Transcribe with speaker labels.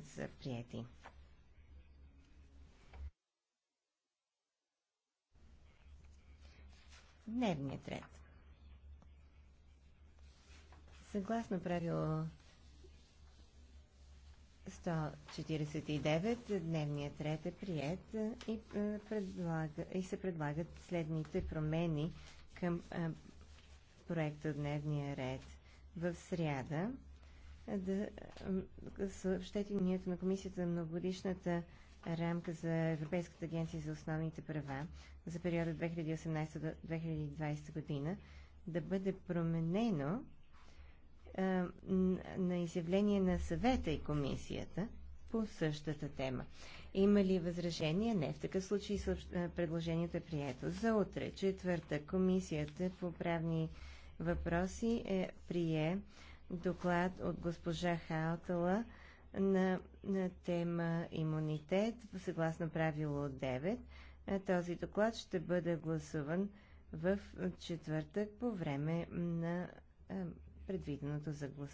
Speaker 1: текстът за прияти.
Speaker 2: Дневният ред.
Speaker 3: Съгласно правило 149, дневният ред е прият и, е, предлага, и се предлагат следните промени към е, проекта Дневния ред. В сряда да съобщете мнението на Комисията за многогодишната рамка за Европейската агенция за основните права за периода 2018-2020 година да бъде променено а, на изявление на съвета и комисията по същата тема. Има ли възражения? Не. В такъв случай предложението е прието. За утре, четвърта, комисията по правни въпроси е прие доклад от госпожа Хаутала на, на тема имунитет, съгласно правило 9. Е, този доклад ще бъде гласуван в четвъртък по време на
Speaker 4: е, предвиденото за гласуване.